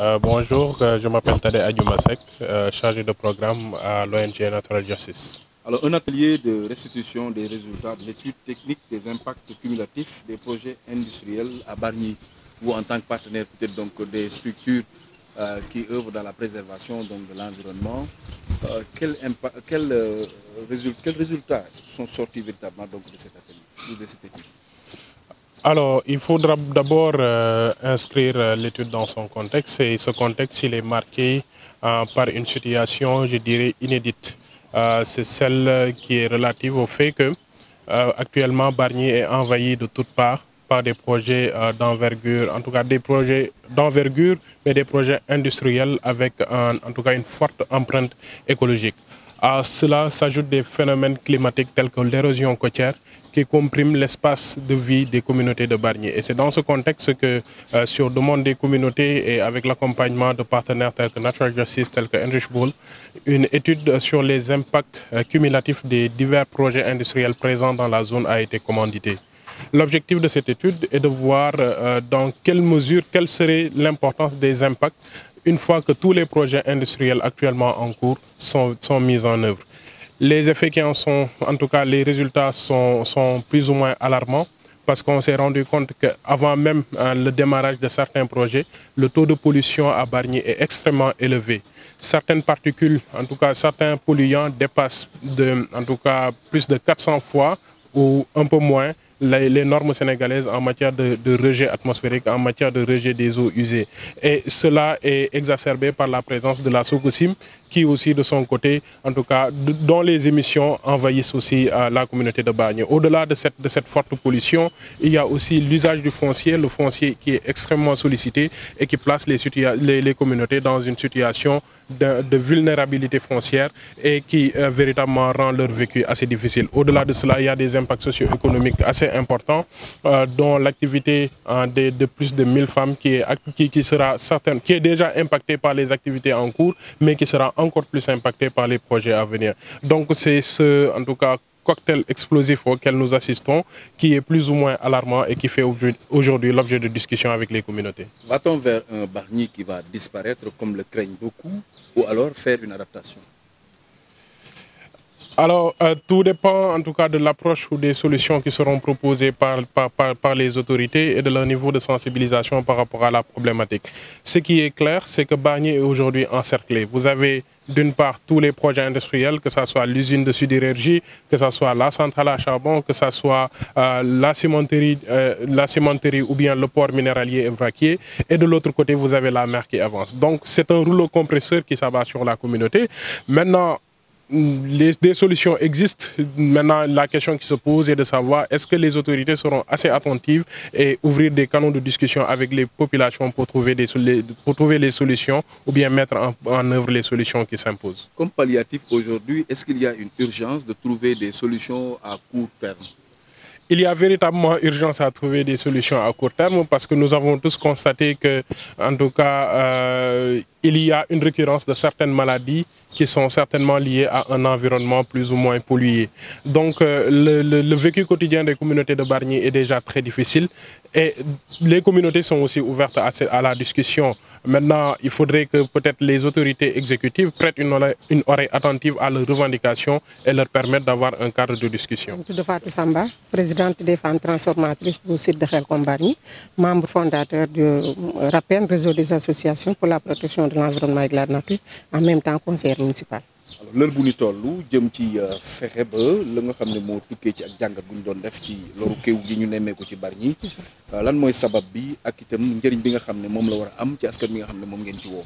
Euh, bonjour, euh, je m'appelle Tade Adjoumasek, euh, chargé de programme à l'ONG Natural Justice. Alors, un atelier de restitution des résultats de l'étude technique des impacts cumulatifs des projets industriels à Barnier, ou en tant que partenaire peut-être donc des structures qui œuvrent dans la préservation donc, de l'environnement. quels résultats sont sortis véritablement donc, de cet atelier ou de cette étude alors, il faudra d'abord euh, inscrire euh, l'étude dans son contexte et ce contexte, il est marqué euh, par une situation, je dirais, inédite. C'est celle qui est relative au fait que actuellement Barnier est envahi de toutes parts par des projets d'envergure, en tout cas des projets d'envergure, mais des projets industriels avec en tout cas une forte empreinte écologique. À cela s'ajoutent des phénomènes climatiques tels que l'érosion côtière qui compriment l'espace de vie des communautés de Barnier. Et c'est dans ce contexte que, euh, sur demande des communautés et avec l'accompagnement de partenaires tels que Natural Justice, tels que Enrich Bull, une étude sur les impacts euh, cumulatifs des divers projets industriels présents dans la zone a été commanditée. L'objectif de cette étude est de voir euh, dans quelle mesure, quelle serait l'importance des impacts une fois que tous les projets industriels actuellement en cours sont, mis en œuvre. Les effets qui en sont, en tout cas les résultats sont, plus ou moins alarmants parce qu'on s'est rendu compte qu'avant même euh, le démarrage de certains projets, le taux de pollution à Barnier est extrêmement élevé. Certaines particules, en tout cas certains polluants dépassent de, en tout cas plus de 400 fois ou un peu moins les, les, normes sénégalaises en matière de, de, rejet atmosphérique, en matière de rejet des eaux usées. Et cela est exacerbé par la présence de la Sokosim, qui aussi de son côté, en tout cas, dont les émissions envahissent aussi euh, la communauté de Bagne. Au-delà de cette, de cette forte pollution, il y a aussi l'usage du foncier, le foncier qui est extrêmement sollicité et qui place les, les, les communautés dans une situation de, vulnérabilité foncière et qui euh, véritablement rend leur vécu assez difficile. Au-delà de cela, il y a des impacts socio-économiques assez importants, euh, dont l'activité hein, de, de, plus de 1000 femmes qui, est, qui, qui, sera certaine, qui est déjà impactée par les activités en cours, mais qui sera encore plus impactée par les projets à venir. Donc c'est ce, en tout cas, cocktail explosif auquel nous assistons, qui est plus ou moins alarmant et qui fait aujourd'hui l'objet de discussions avec les communautés. Va-t-on vers un Barnier qui va disparaître, comme le craignent beaucoup, ou alors faire une adaptation alors, euh, tout dépend en tout cas de l'approche ou des solutions qui seront proposées par, par, les autorités et de leur niveau de sensibilisation par rapport à la problématique. Ce qui est clair, c'est que Barnier est aujourd'hui encerclé. Vous avez d'une part tous les projets industriels, que ce soit l'usine de sidérurgie, que ce soit la centrale à charbon, que ce soit euh, la, cimenterie, euh, la cimenterie ou bien le port minéralier évacué Et de l'autre côté, vous avez la mer qui avance. Donc c'est un rouleau compresseur qui s'abat sur la communauté. Maintenant, les, des solutions existent. Maintenant, la question qui se pose est de savoir est-ce que les autorités seront assez attentives et ouvrir des canaux de discussion avec les populations pour trouver, les solutions ou bien mettre en œuvre les solutions qui s'imposent. Comme palliatif aujourd'hui, est-ce qu'il y a une urgence de trouver des solutions à court terme il y a véritablement urgence à trouver des solutions à court terme parce que nous avons tous constaté que, en tout cas, euh, il y a une récurrence de certaines maladies qui sont certainement liées à un environnement plus ou moins pollué. Donc, euh, le, vécu quotidien des communautés de Barnier est déjà très difficile et les communautés sont aussi ouvertes à, la discussion. Maintenant, il faudrait que peut-être les autorités exécutives prêtent une oreille, attentive à leurs revendications et leur permettent d'avoir un cadre de discussion. Je suis Samba, présidente des femmes transformatrices pour le site de Compagnie, membre fondateur du RAPEN, réseau des associations pour la protection de l'environnement et de la nature, en même temps conseiller municipal. alors lër bu ñu toll jëm ci euh, fexe ba la nga xam ne moo tukkee ci ak jàngat gu ñu doon def ci loru kéw gi ñu ko ci ñi euh, lan mooy sabab bi ak itam njëriñ bi nga xam ne moom la war a am ci askan bi nga xam ne moom ngeen ci woo.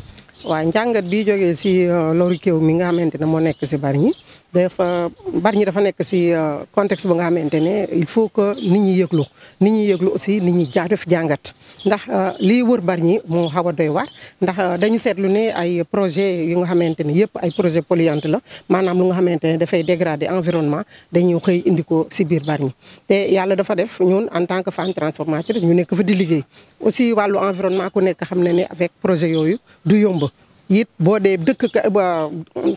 waa jàngat bi jógee si euh, loru kéw mi nga xamante ne moo nekk si ñi dafa bari ñi dafa nekk si euh, contexte bu nga xamante ne il faut que nit ñi yëglu nit ñi yëglu aussi nit ñi jaa def jàngat ndax euh, lii wër bari ñi moo xaw a doy waar ndax euh, dañu seetlu ne ay projet yu nga xamante ne yëpp ay projet polluant la maanaam lu nga xamante ne dafay dégrader environnement dañu xëy indi ko si biir bari ñi te yàlla dafa def ñun en tant que femme transformatrice ñu nekk fa di liggéey aussi wàllu environnement ku nekk xam ne ni avec projet yooyu du yomb it bo de deuk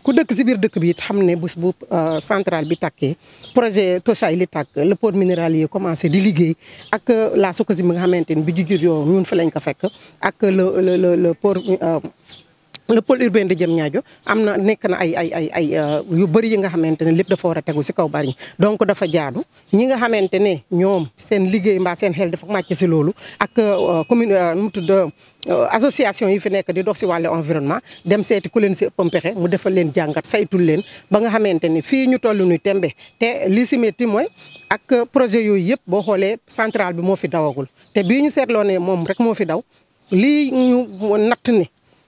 ku deuk ci bir deuk bi it xamne bus bu central uh, bi takke projet tosay li tak le port minéral yi commencé di liguey ak la sokosi nga xamanteni bi jujur yo ñun fa lañ ko fekk ak le le le port uh, le pôle di de Diamniadio am na nekk na ay ay ay ay euh, yu bëri yi nga xamante ne lépp dafa war a tegu si kaw bariñ donc dafa jaadu ñi nga xamante ne ñoom seen liggéey mbaa seen xel dafa màcc si loolu ak euh, commune euh, nu mu tudd association yi fi nekk di dox si wàllu environnement dem seeti ku leen si ëppam pexe mu defal leen jàngat saytul leen ba nga xamante ne fii ñu toll nii tembe te lii si métti mooy ak projet yooyu yëpp boo xoolee centrale bi moo fi dawagul te bii ñu seetloo ne moom rek moo fi daw lii ñu natt ne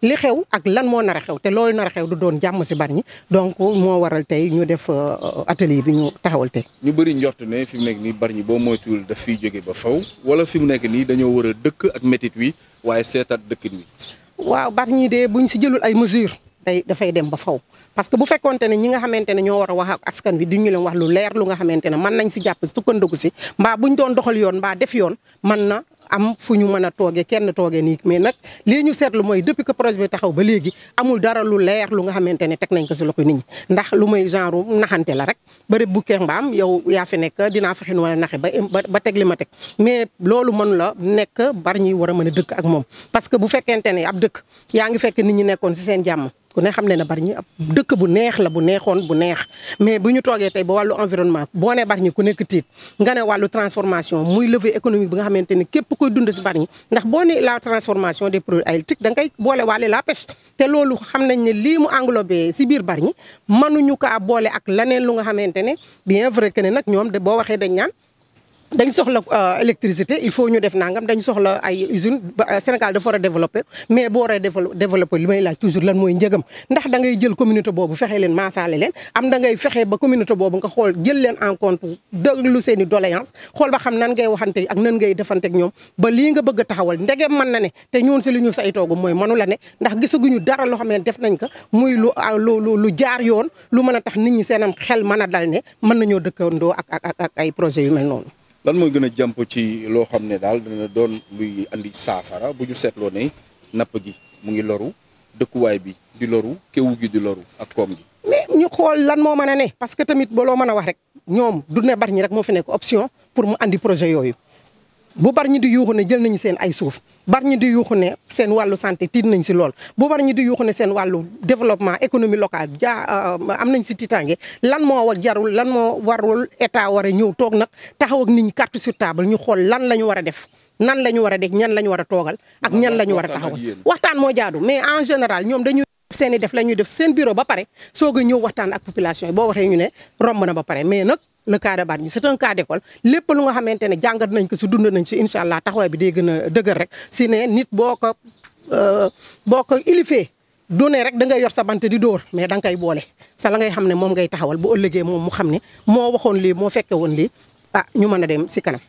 li xew ak lan moo nar a xew te loolu nar a xew du doon jàmm si ñi donc moo waral tey ñu def euh, atelier bi ñu taxawal tey. ñu bëri njort ne fi mu nekk nii Bargny boo moytuwul daf fiy jóge ba faw wala fi mu nekk nii dañoo war a dëkk ak métit wi waaye seetaat dëkkin wi. waaw Bargny de buñ si jëlul ay mesures. day dafay dem ba faw parce que bu fekkonte ne ñi nga xamante ne ñoo war a wax ak askan bi du ñu leen wax lu leer lu nga xamante ne man nañ si jàpp si tukkandiku si mbaa buñ doxal yoon mbaa def yoon man na am fu ñu mën a toogee kenn toogee nii mais nag lii ñu seetlu mooy depuis que projet bi taxaw ba léegi amul dara lu leer lu nga xamante ne teg nañ ko si loxo nit ñi ndax lu may genre naxante la rek bërëb bu keex mbaam yow yaa fi nekk dinaa fexe nu ma naxe ba ba teg li ma teg mais loolu mën la nekk bar ñi war a mën a dëkk ak moom parce que bu fekkente ne ab dëkk yaa ngi fekk nit ñu nekkoon si seen jàmm ku ne xam ne na Bargny ab dëkk bu neex la bu neexoon bu neex mais bu ñu toogee tey ba wàllu environnement boo nee Bargny ku nekk tiit nga ne wàllu transformation muy levée économique bi nga xamante ni képp koy dund si Bargny ndax boo ne la transformation des produits halieutiques da ngay boole waale la pêche te loolu xam nañ ne lii mu englobé si biir Bargny mënuñu kaa boole ak leneen lu nga xamante ne bien vrai que nag ñoom de boo waxee dañ ñaan dañ soxla euh, électricité il faut ñu def nangam dañ soxla ay usine euh, Sénégal dafa war a développé mais boo war a développé li may laaj toujours lan mooy njegam ndax dangay jël communauté boobu fexe leen maasaale leen am da ngay fexe ba communauté boobu nga xool jël leen en compte déglu seen i doléance xool ba xam nan ngay waxante ak nan ngay defante ñoom ba lii nga bëgg taxawal ndegem mën na ne te ñun si li ñu saytoogu mooy mënu la ne ndax gisaguñu dara loo xam ne def nañ ko muy ah, lu lu lu jaar yoon lu mën a tax nit ñi seenam xel mën a dal mën nañoo dëkkandoo ak ak ay projet yu mel noonu lan mooy gën a jàmp ci loo xam ne daal dana doon luy andi saafara bu ñu seetloo ne napp gi mu ngi loru dëkkuwaay bi di loru kewu gi di loru ak koom gi. mais ñu xool lan moo mën a ne. parce que tamit ba loo mën a wax rek ñoom du ne bari ñi rek moo fi nekk option pour mu indi projet yooyu. bu bari ñi di yuuxu ne jël nañu seen ay suuf bari ñi di yuuxu ne seen wàllu santé tiit nañ si lool bu bari ñi di yuuxu ne seen wàllu développement économie locale jaa euh, am nañ si tiitaange lan moo war jarul lan moo warul état war a ñëw toog nag taxaw ak nit ñi carte sur ñu xool lan la ñu war a def nan lañu war a def ñan la ñu war a toogal ak ñan la ñu war a taxawal waxtaan moo jaadu mais en général ñoom dañu seen i def la def seen bureau ba pare soog a ñëw waxtaan ak population boo waxee ñu ne romb na ba pare mais nag le cas de Bargny c'est un cas d'école lépp lu nga xamante ne jàngat nañ ko si dund nañ si incha allah taxawaay bi day gën a dëgër rek si ne nit boo ko euh, boo ko ilifee doone rek da ngay yor sa bant di door mais da nga koy boole sa la ngay xam ne moom ngay taxawal bu ëllëgee moom mu xam ne moo waxoon lii moo fekke woon lii ah ñu mën a dem si kanam